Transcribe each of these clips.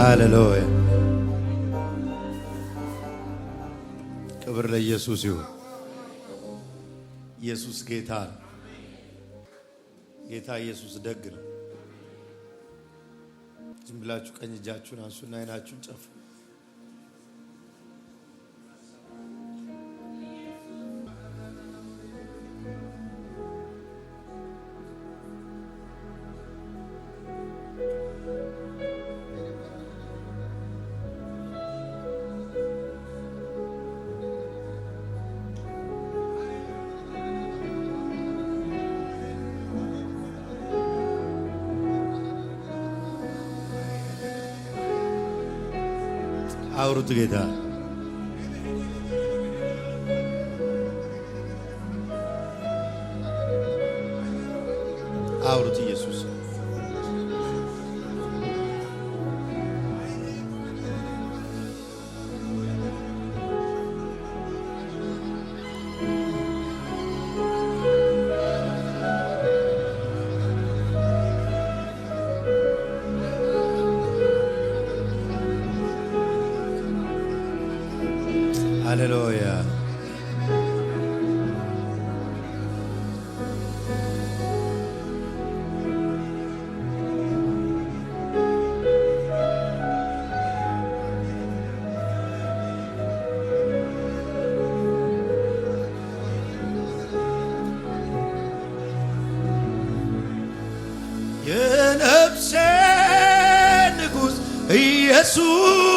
ሃሌሉያ ክብር ለኢየሱስ ይሁን። ኢየሱስ ጌታ ነው። ጌታ ኢየሱስ ደግ ነው። ዝም ብላችሁ ቀኝ እጃችሁን አንሱና አይናችሁን ጨፍኑ። አውሩት ጌታ አውሩት ኢየሱስ Jesus.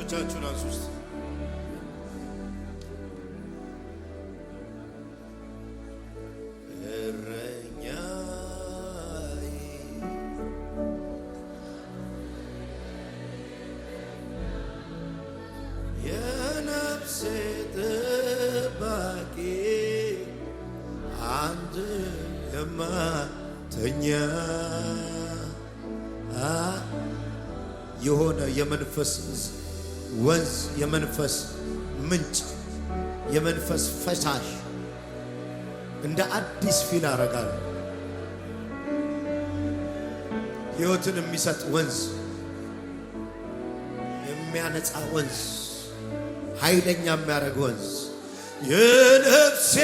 እጆቻችሁን አንሱ ውስጥ የሆነ የመንፈስ ወንዝ የመንፈስ ምንጭ የመንፈስ ፈሳሽ እንደ አዲስ ፊል አረጋል። ሕይወትን የሚሰጥ ወንዝ፣ የሚያነጻ ወንዝ፣ ኃይለኛ የሚያደርግ ወንዝ የነፍሴ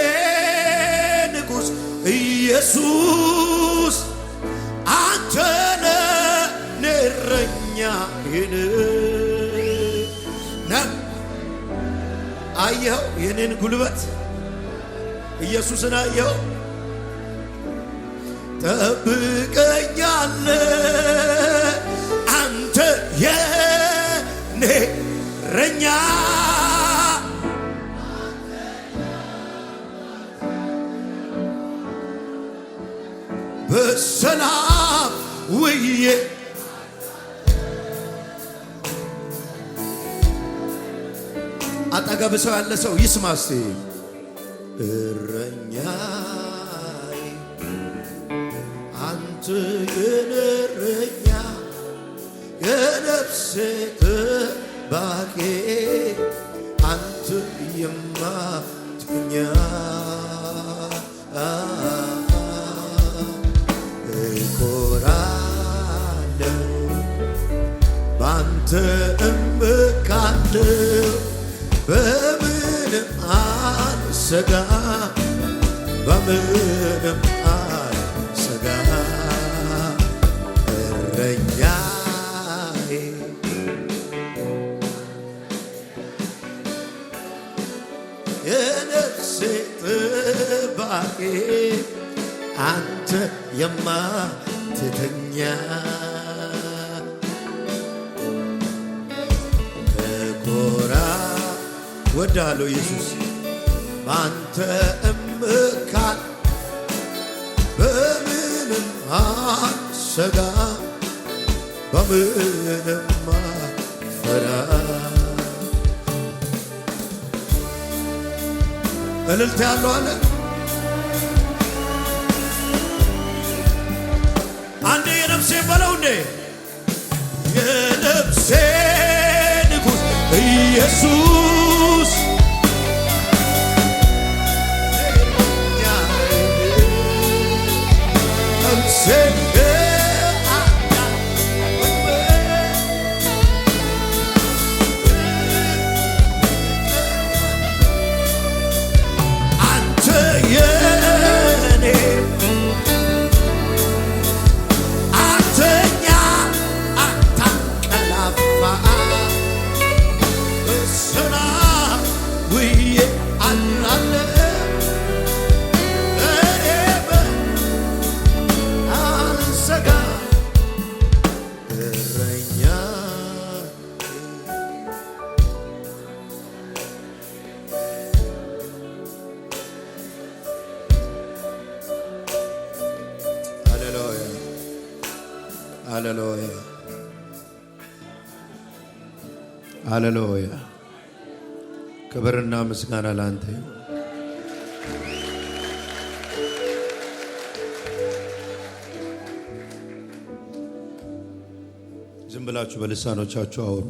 ንጉሥ ኢየሱስ አንተነ ንረኛ ይን አየኸው የኔን ጉልበት ኢየሱስን አየኸው። ጠብቀኛለ አንተ የኔ ረኛ በሰላም ውዬ አጠገብ ሰው ያለ ሰው ይስማ እስቲ። እረኛዬ አንተ ግን እረኛ የነፍሴ ጠባቂ አንተ የማትኛ አልሰጋ በምንም አልሰጋ እረኛዬ የነፍሴ ጥባቄ አንተ የማትተኛ እኮራ ወዳለው ኢየሱስ ባንተ እምካል በምንም አሰጋ በምንም ፈራ እልልት ያለው አለ አንዴ የነፍሴ በለው እንዴ የነፍሴ ንጉሥ ኢየሱስ Say ሃሌሉያ። ክብርና ምስጋና ላንተ። ዝም ብላችሁ በልሳኖቻችሁ አውሩ።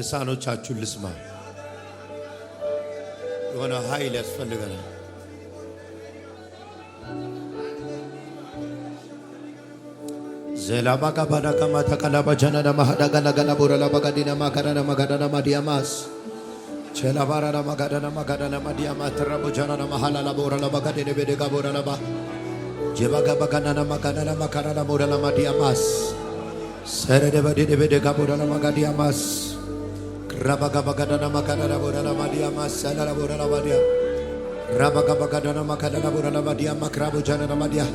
ልሳኖቻችሁን ልስማ። የሆነ ኃይል ያስፈልገናል። Selama kabana kama takalama jana nama hadaga naga nabura lama dinamakan makana nama gada nama diamas. Celabara nama gada nama gada nama mas terabu jana nama halala bura lama gadine bede kabura lama. Jebaga bagana nama gada nama kana nama bura lama diamas. Sere de bede dia kabura lama gadiamas. Rabaga bagana nama gada nama bura mas. diamas. Selala bura lama dia. Rabaga bagana nama gada nama bura lama diamas. Krabu jana nama dia.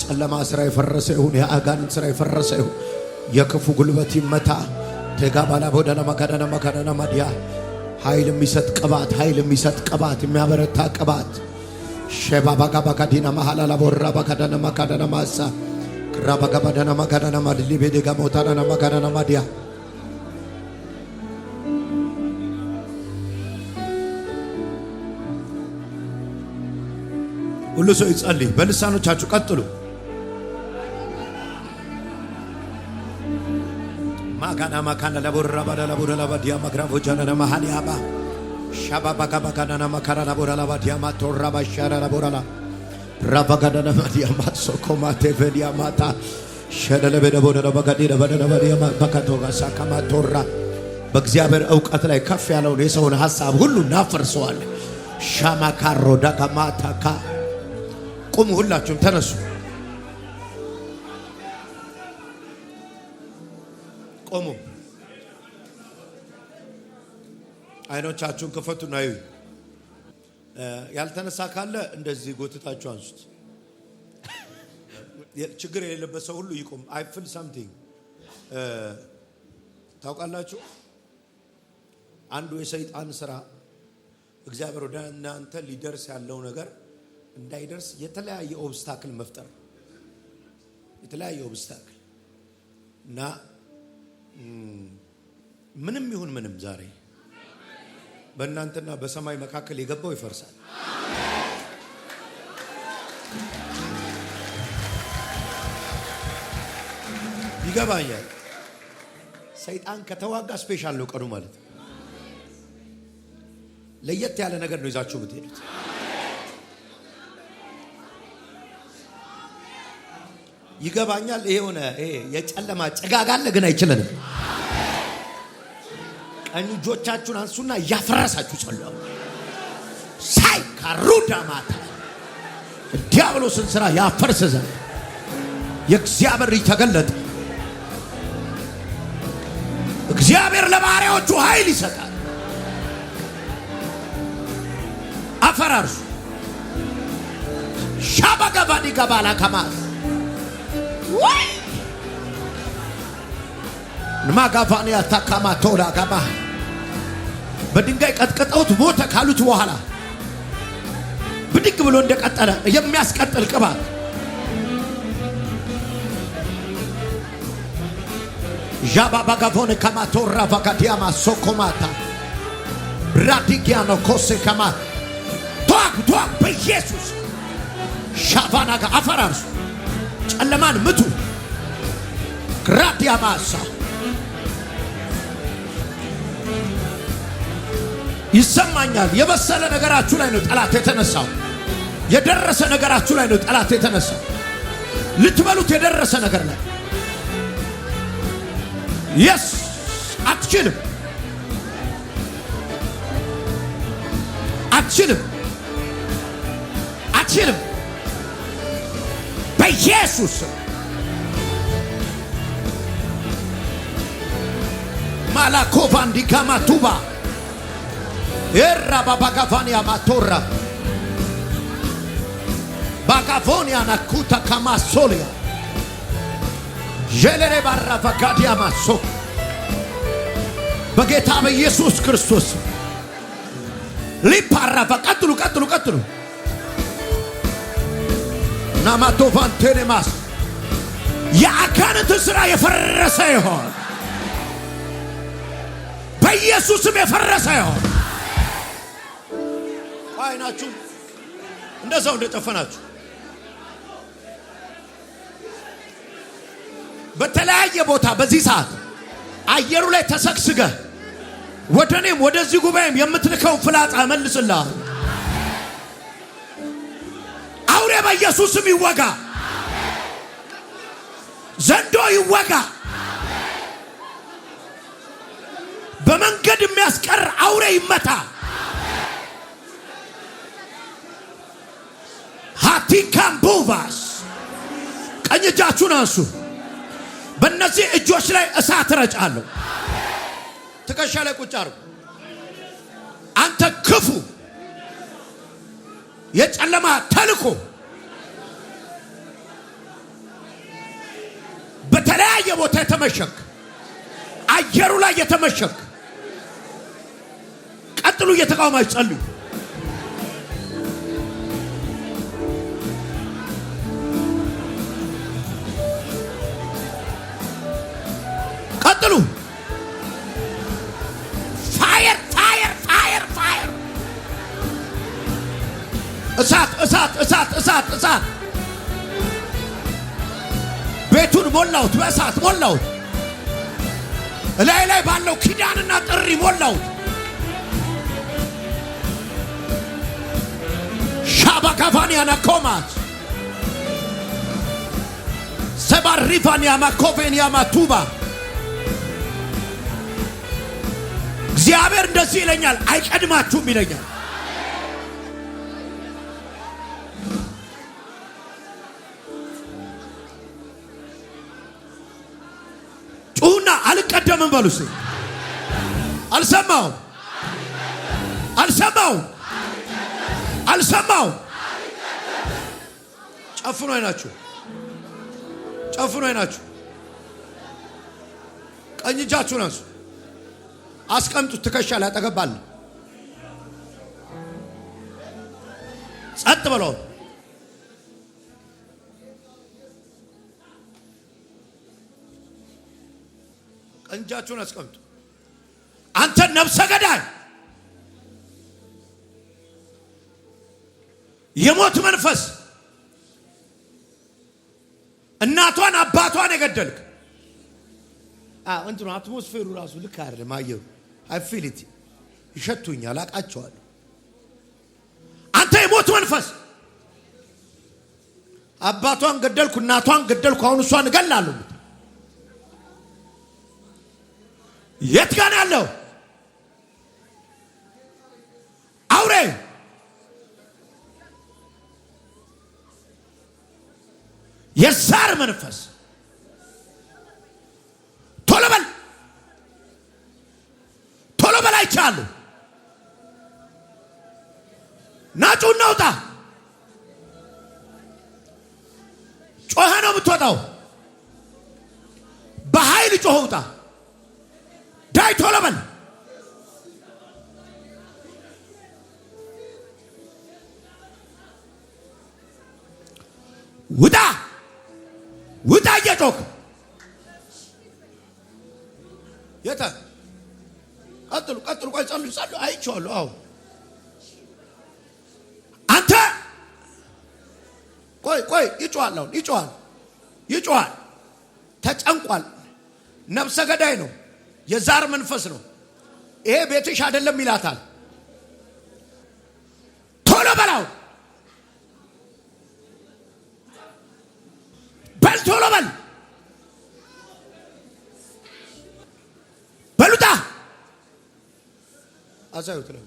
የጨለማ ስራ የፈረሰ ይሁን። የአጋንንት ስራ የፈረሰ ይሁን። የክፉ ጉልበት ይመታ። ቴጋ ባላ ቦደ ለመከደነ መከደነ ማዲያ ኃይል የሚሰጥ ቅባት፣ ኃይል የሚሰጥ ቅባት፣ የሚያበረታ ቅባት ሼባ ባጋ ባጋ ዲና ማሃላላ ቦራ ባካዳና ማሳ ክራ ባጋ ባዳና ማካዳና ማድሊ ቤዴጋ ሞታነነ መከደነ ማዲያ ሁሉ ሰው ይጸልይ በልሳኖቻችሁ ቀጥሉ። ጋና ማካና ለቦራ ባዳ ለቦራ ለባዲያ ማግራፎ ጀነና ማሃሊያባ ሻባባ ጋባጋና ማካራ ለቦራ ለባዲያ ማቶራ ባሻራ ለቦራ ላ ራባጋና ማዲያ ማሶኮ ማቴቨዲያ ማታ ሸደለ በደቦደ ለባጋዲ ለባዳ ለባዲያ ማካቶራ ሳካማ ቶራ በእግዚአብሔር እውቀት ላይ ከፍ ያለውን የሰውን ሐሳብ ሁሉ እናፈርሰዋለን። ሻማካሮ ዳጋማታካ ቁም፣ ሁላችሁም ተነሱ። ቆሙ። አይኖቻችሁን ክፈቱና እዩ። ያልተነሳ ካለ እንደዚህ ጎትታችሁ አንሱት። ችግር የሌለበት ሰው ሁሉ ይቆም። አይ ፊል ሳምቲንግ ታውቃላችሁ። አንዱ የሰይጣን ስራ እግዚአብሔር ወደ እናንተ ሊደርስ ያለው ነገር እንዳይደርስ የተለያየ ኦብስታክል መፍጠር የተለያየ ኦብስታክል እና ምንም ይሁን ምንም ዛሬ በእናንተና በሰማይ መካከል የገባው ይፈርሳል። ይገባኛል። ሰይጣን ከተዋጋ ስፔሻል ነው ቀኑ ማለት ነው። ለየት ያለ ነገር ነው ይዛችሁ የምትሄዱት። ይገባኛል። የሆነ የጨለማ ጭጋግ አለ ግን አይችለንም። ቀኝ እጆቻችሁን አንሱና እያፈረሳችሁ ጸልዩ። ሳይ ካሩዳ ማታ ዲያብሎስን ስራ ያፈርስ ዘንድ የእግዚአብሔር ልጅ ተገለጠ። እግዚአብሔር ለባሪያዎቹ ኃይል ይሰጣል። አፈራርሱ ሻባገባዲ ገባላ ከማት ማጋፋንያ ታካማ ቶላ ጋማ በድንጋይ ቀጥቅጠውት ሞተ ካሉት በኋላ ብድግ ብሎ እንደቀጠለ የሚያስቀጥል ቅባት ዣባባጋፎን ከማቶራ ቫጋዲያማ ሶኮማታ ራዲጊያኖ ኮሴ ከማ ተዋጉ ተዋጉ በኢየሱስ ሻቫናጋ አፈራርሱ ጨለማን ምቱ። ግራዲያ ማሳ ይሰማኛል። የበሰለ ነገራችሁ ላይ ነው ጠላት የተነሳው። የደረሰ ነገራችሁ ላይ ነው ጠላት የተነሳው። ልትበሉት የደረሰ ነገር ላይ የስ አትችልም፣ አትችልም፣ አትችልም በኢየሱስ ማላኮባ እንዲካማቱባ ኤራ ባባጋፋንያ ማቶራ ባጋፎንያ ናኩታ ካማሶልያ ጀለሬ ባራፋ ጋዲያ ማሶ በጌታ በኢየሱስ ክርስቶስ ሊፓራፋ ቀጥሉ ቀጥሉ ቀጥሉ ናማቶቫንቴኔማስ የአጋንንት ሥራ የፈረሰ ይሆን፣ በኢየሱስም የፈረሰ ይሆን። አይናችሁ እንደዛው እንደጨፈናችሁ በተለያየ ቦታ በዚህ ሰዓት አየሩ ላይ ተሰግስገ ወደ እኔም ወደዚህ ጉባኤም የምትልከውን ፍላጻ መልስልሃል። በኢየሱስም ይወጋ፣ ዘንዶ ይወጋ፣ በመንገድ የሚያስቀር አውሬ ይመታ። ሀቲካምቡቫስ ቀኝ እጃችሁን አንሱ። በእነዚህ እጆች ላይ እሳት ረጫለሁ። ትከሻ ላይ ቁጭ አርጉ። አንተ ክፉ የጨለማ ተልኮ በተለያየ ቦታ የተመሸክ አየሩ ላይ የተመሸክ ቀጥሉ። እየተቃወማችሁ ጸልዩ። ቀጥሉ። ፋየር ፋየር ፋየር ፋየር! እሳት እሳት እሳት እሳት እሳት ቤቱን ሞላሁት፣ በእሳት ሞላሁት፣ እላይ ላይ ባለው ኪዳንና ጥሪ ሞላሁት። ሻባካፋንያ ናኮማት ሰባሪፋንያ ማኮቬንያ ማቱባ እግዚአብሔር እንደዚህ ይለኛል፣ አይቀድማችሁም ይለኛል። በሉ እስኪ። አልሰማሁም፣ አልሰማሁም፣ አልሰማሁም። ጨፍኑ አይናችሁ፣ ጨፍኑ አይናችሁ። ቀኝ እጃችሁን አንሱ፣ አስቀምጡት። ትከሻ ላይ አጠገባል። ጸጥ በለው። ቀንጃችሁን አስቀምጡ። አንተ ነፍሰ ገዳይ የሞት መንፈስ እናቷን አባቷን የገደልክ እንትኑ አትሞስፌሩ ራሱ ልክ አይደለም። አየሩ አይፊሊቲ ይሸቱኛል፣ አውቃቸዋለሁ። አንተ የሞት መንፈስ አባቷን ገደልኩ፣ እናቷን ገደልኩ፣ አሁን እሷን እገላለሁ የት ጋር ያለው አውሬ የሳር መንፈስ ቶሎ በል ቶሎ በል አይቻሉ ናጩ እናውጣ ጮኸ ነው የምትወጣው በኃይል ጮኸ ውጣ ዳይ ቶሎ በል። ውጣ ውጣ እየጮክ የተ ቀጥሉ ቀጥሉ። ቆይ ጸሉ ጸሉ አይቼዋለሁ። አዎ አንተ ቆይ ቆይ ይጮሃል። አሁን ይጮሃል ይጮሃል። ተጨንቋል። ነፍሰ ገዳይ ነው። የዛር መንፈስ ነው። ይሄ ቤትሽ አይደለም ይላታል። ቶሎ በላው በል ቶሎ በል በሉታ አዛዩት ነው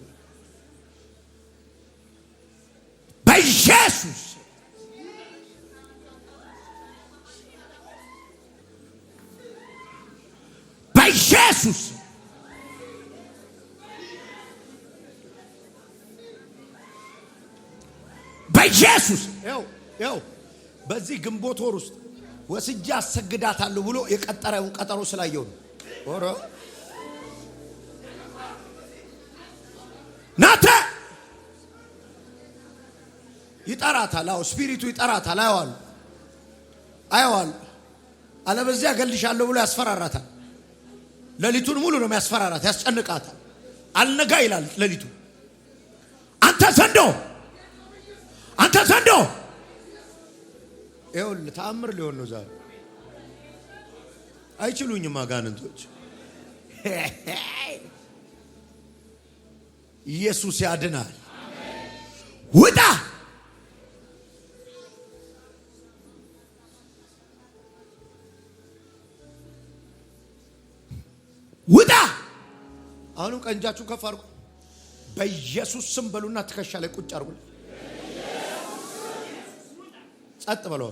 በኢየሱስ ኢየሱስ በኢየሱስ ው በዚህ ግንቦት ወር ውስጥ ወስጄ አሰግዳታለሁ ብሎ የቀጠረው ቀጠሮ ስላየው ነው። ናተ ይጠራታል። አዎ ስፒሪቱ ይጠራታል። አየዋል አየዋል። አለበዚያ እገልሻለሁ ብሎ ያስፈራራታል። ሌሊቱን ሙሉ ነው የሚያስፈራራት፣ ያስጨንቃታል። አልነጋ ይላል ሌሊቱ። አንተ ዘንዶ፣ አንተ ዘንዶ። ይኸውልህ ተአምር ሊሆን ነው ዛሬ። አይችሉኝም አጋንንቶች። ኢየሱስ ያድናል። ውጣ አሁንም ቀኝ እጃችሁን ከፍ አድርጉ። በኢየሱስ ስም በሉና ትከሻ ላይ ቁጭ አድርጉ። ጸጥ በለው።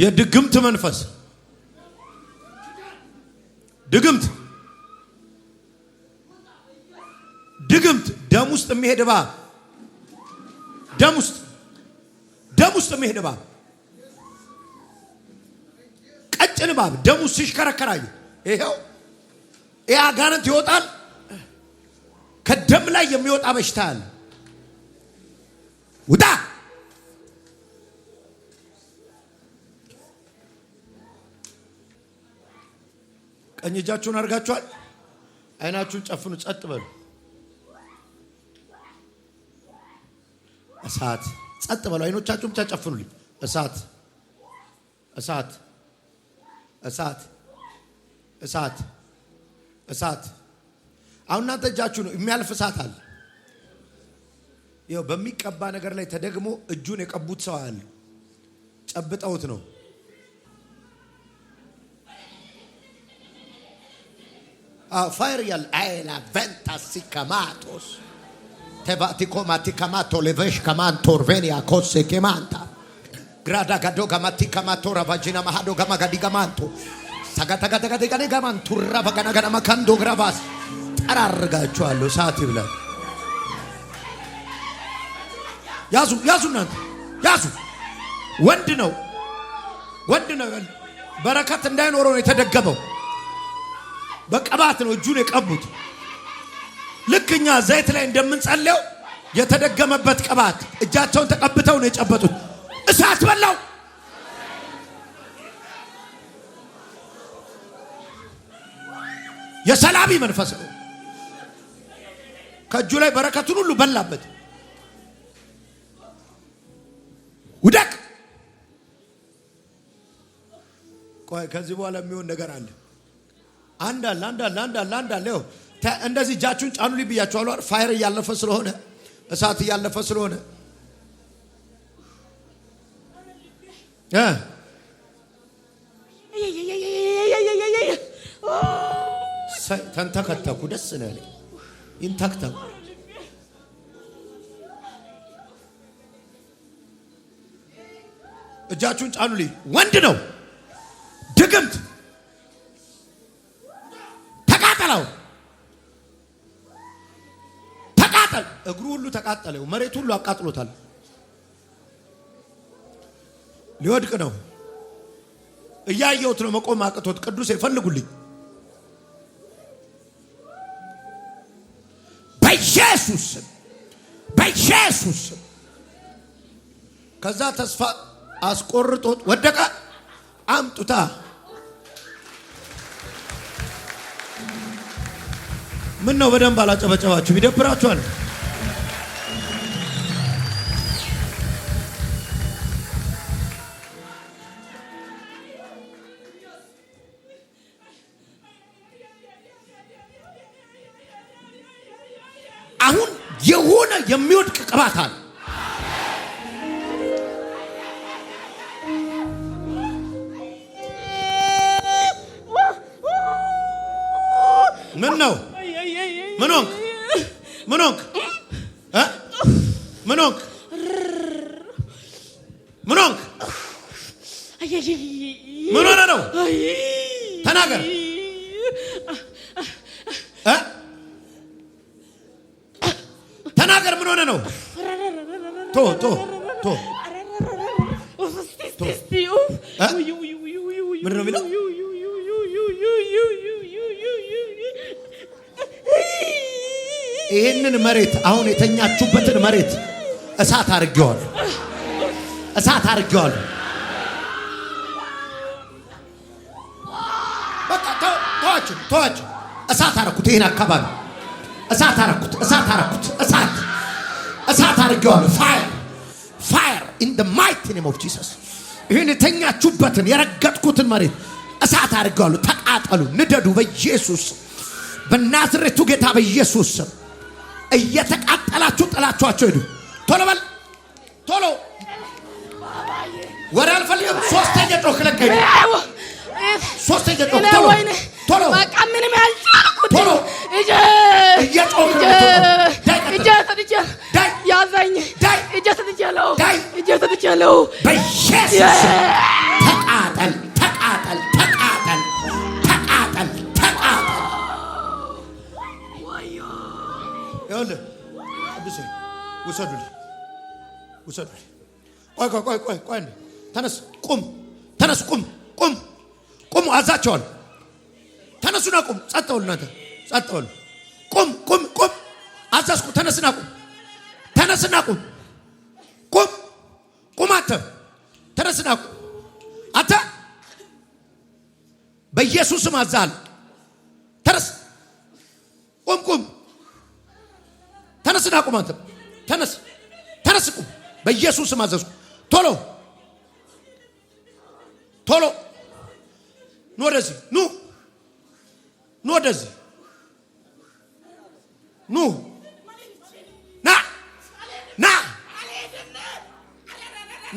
የድግምት መንፈስ ድግምት ድግምት ደም ውስጥ የሚሄድ እባብ ደም ውስጥ ደም ውስጥ የሚሄድ እባብ ቀጭን እባብ ደም ውስጥ ሲሽከረከራየ ይኸው ይህ አጋንንት ይወጣል። ከደም ላይ የሚወጣ በሽታ አለ። ውጣ! ቀኝ እጃችሁን አድርጋችኋል። አይናችሁን ጨፍኑ፣ ጸጥ በሉ። እሳት! ጸጥ በሉ። አይኖቻችሁን ብቻ ጨፍኑልኝ። እሳት! እሳት! እሳት! እሳት እሳት አሁን እናንተ እጃችሁ ነው የሚያልፍ እሳት አለ። ይኸው በሚቀባ ነገር ላይ ተደግሞ እጁን የቀቡት ሰው አለ። ጨብጠውት ነው ፋይር ያለ አይላ ቨንታ ሲከማቶስ ቴቫቲኮማቲከማቶ ሌቨሽ ከማንቶር ቬኒያ ኮሴ ኬማንታ ግራዳ ጋዶ ጋማቲከማቶ ራቫጂና ማሃዶ ጋማጋዲ ጋማንቶ ተጋተጋተጋተጋኔ ቱራ ጠራርጋችኋለሁ። ሰዓት ይብላል። ያዙ ያዙ፣ እናንተ ያዙ። ወንድ ነው ወንድ ነው። በረከት እንዳይኖረው ነው የተደገመው። በቅባት ነው እጁን የቀቡት። ልክ እኛ ዘይት ላይ እንደምንጸለው የተደገመበት ቅባት እጃቸውን ተቀብተው ነው የጨበጡት። እሳት በላው። የሰላቢ መንፈስ ነው። ከእጁ ላይ በረከቱን ሁሉ በላበት። ውደቅ። ቆይ ከዚህ በኋላ የሚሆን ነገር አለ። አንድ አለ፣ አንድ አለ፣ አንድ አለ፣ አንድ አለ። እንደዚህ እጃችሁን ጫኑ ልኝ ብያችኋለሁ። ፋይር እያለፈ ስለሆነ እሳት እያለፈ ስለሆነ ተንተከተኩ። ደስ ነው ያለኝ። ይንተክተኩ እጃችሁን ጫኑልኝ። ወንድ ነው ድግምት ተቃጠለው፣ ተቃጠል። እግሩ ሁሉ ተቃጠለው፣ መሬት ሁሉ አቃጥሎታል። ሊወድቅ ነው። እያየሁት ነው። መቆም አቅቶት ቅዱስ ይፈልጉልኝ በኢየሱስ ስም በኢየሱስ ስም። ከዛ ተስፋ አስቆርጦ ወደቀ። አምጡታ ምን ነው? በደንብ አላጨበጨባችሁ? ይደብራችኋል። ምን ሆንክ? ምን ሆንክ? ምን ሆንክ? ምን ሆነ ነው? ተናገር። ተናገር። ምን ሆነ ነው? ቶ ቶ ቶ ምንድን ነው የሚለው ይህንን መሬት አሁን የተኛችሁበትን መሬት እሳት አድርጌዋለሁ፣ እሳት አድርጌዋለሁ። በቃ ተዋቸው፣ ተዋቸው። እሳት አረኩት፣ ይህን አካባቢ እሳት አረኩት፣ እሳት አረኩት፣ እሳት እሳት አድርጌዋለሁ። ፋየር ፋየር ኢን ደ ማይቲ ኔም ኦፍ ጂሰስ። ይህን የተኛችሁበትን የረገጥኩትን መሬት እሳት አድርጌዋለሁ። ተቃጠሉ፣ ንደዱ፣ በኢየሱስ በናዝሬቱ ጌታ በኢየሱስ ስም እየተቃጠላችሁ ጥላችኋቸው ሄዱ። ቶሎ በል ቶሎ፣ ወሬ አልፈልግም። ሶስተኛ ጮክ ለቀ ሶስተኛ ጮክ ቶሎ ቶሎ በቃ ምንም ያልቻልኩት ቶሎ እጄ ሰጥቼ ያዘኝ በኢየሱስ ተቃጠል ይኸውልህ ቅዱሴ ውሰዱልኝ፣ ውሰዱልኝ። ቆይ ቆይ ቆይ ቆይ ቆይ፣ ተነስ፣ ቁም፣ ተነስ፣ ቁም፣ ቁም፣ ቁም፣ አዛቸዋል። ተነሱና ቁም። ጸጥ በሉ እናንተ፣ ጸጥ በሉ። ቁም፣ ቁም፣ ቁም፣ አዛዝኩ። ተነስና ቁም፣ ተነስና ቁም፣ ቁም፣ ቁም፣ አንተ ተነስና ቁም፣ አንተ በኢየሱስም አዛል አቁም። አንተ ተነስ፣ ተነስ፣ ቁም። በኢየሱስ ስም አዘዝኩ። ቶሎ ቶሎ፣ ኑ ወደዚህ፣ ኑ ኑ ወደዚህ፣ ኑ ና ና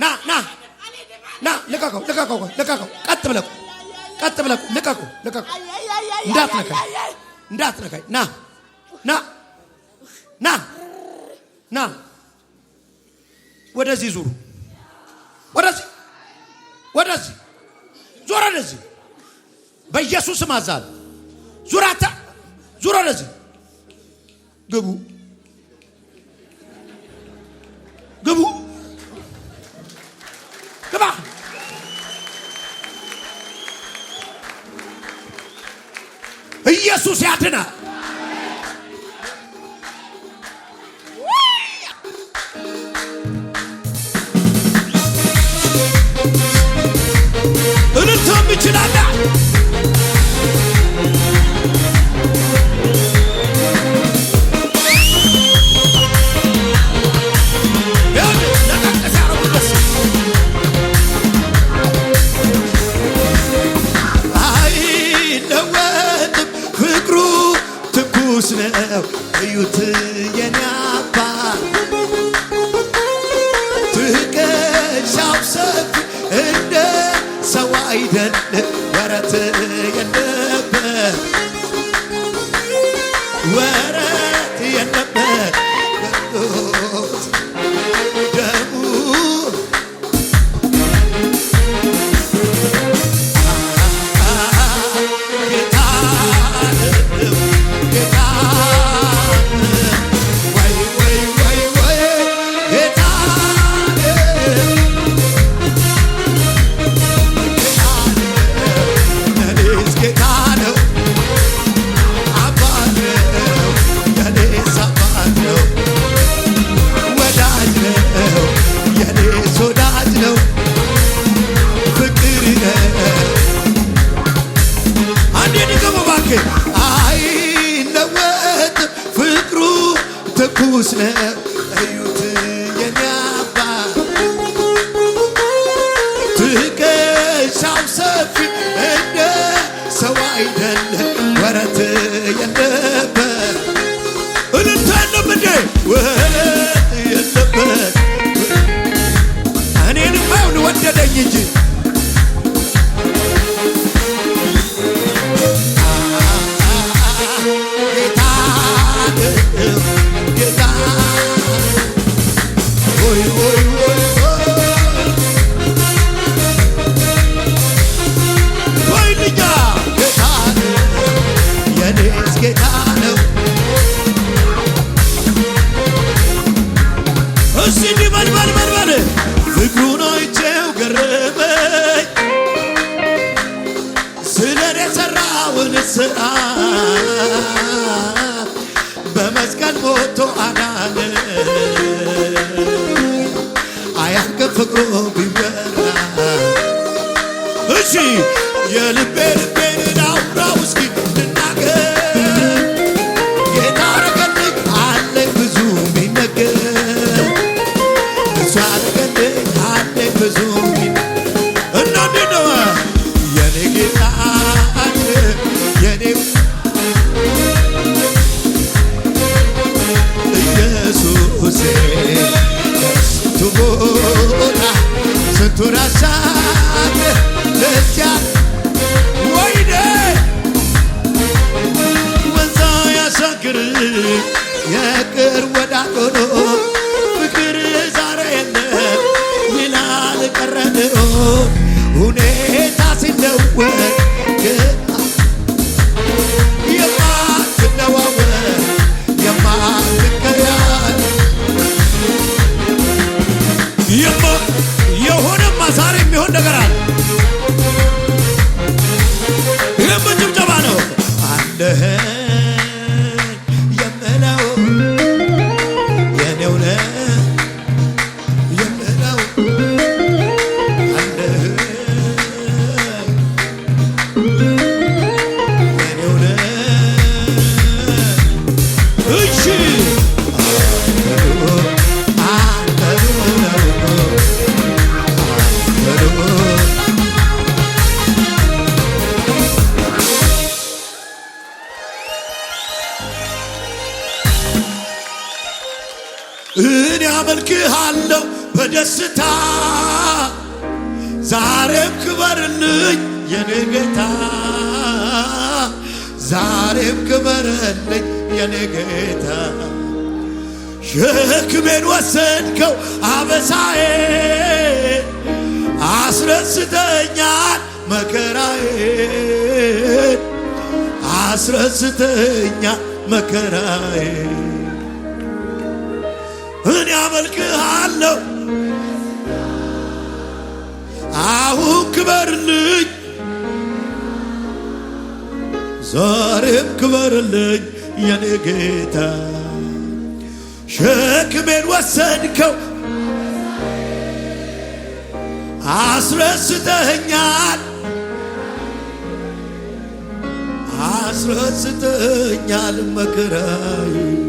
ና ና ና። ልቀቀው፣ ልቀቀው፣ ልቀቀው። ቀጥ ብለቁ ቀጥ ብለቁ ልቀቁ ልቀቁ ልቀቀው። እንዳትነካኝ፣ እንዳትነካኝ። ና ያስማዛል። ዙራታ ዙራ ለዚ ግቡ ግቡ ግባ ኢየሱስ ያድናል። ወደበት ወጥቶ አዳነ ፍቅሩ ክበርልኝ የኔ ጌታ ዛሬም ክበርልኝ የኔ ጌታ ሸክሜን ወሰንከው አበሳዬ አስረስተኛል መከራዬን አስረስተኛል መከራዬ እኔ አመልክሃለሁ አሁን ክበርልኝ ዛሬም ክበርልኝ የኔ ጌታ ሸክሜን ወሰድከው አስረስተኛል አስረስተኛል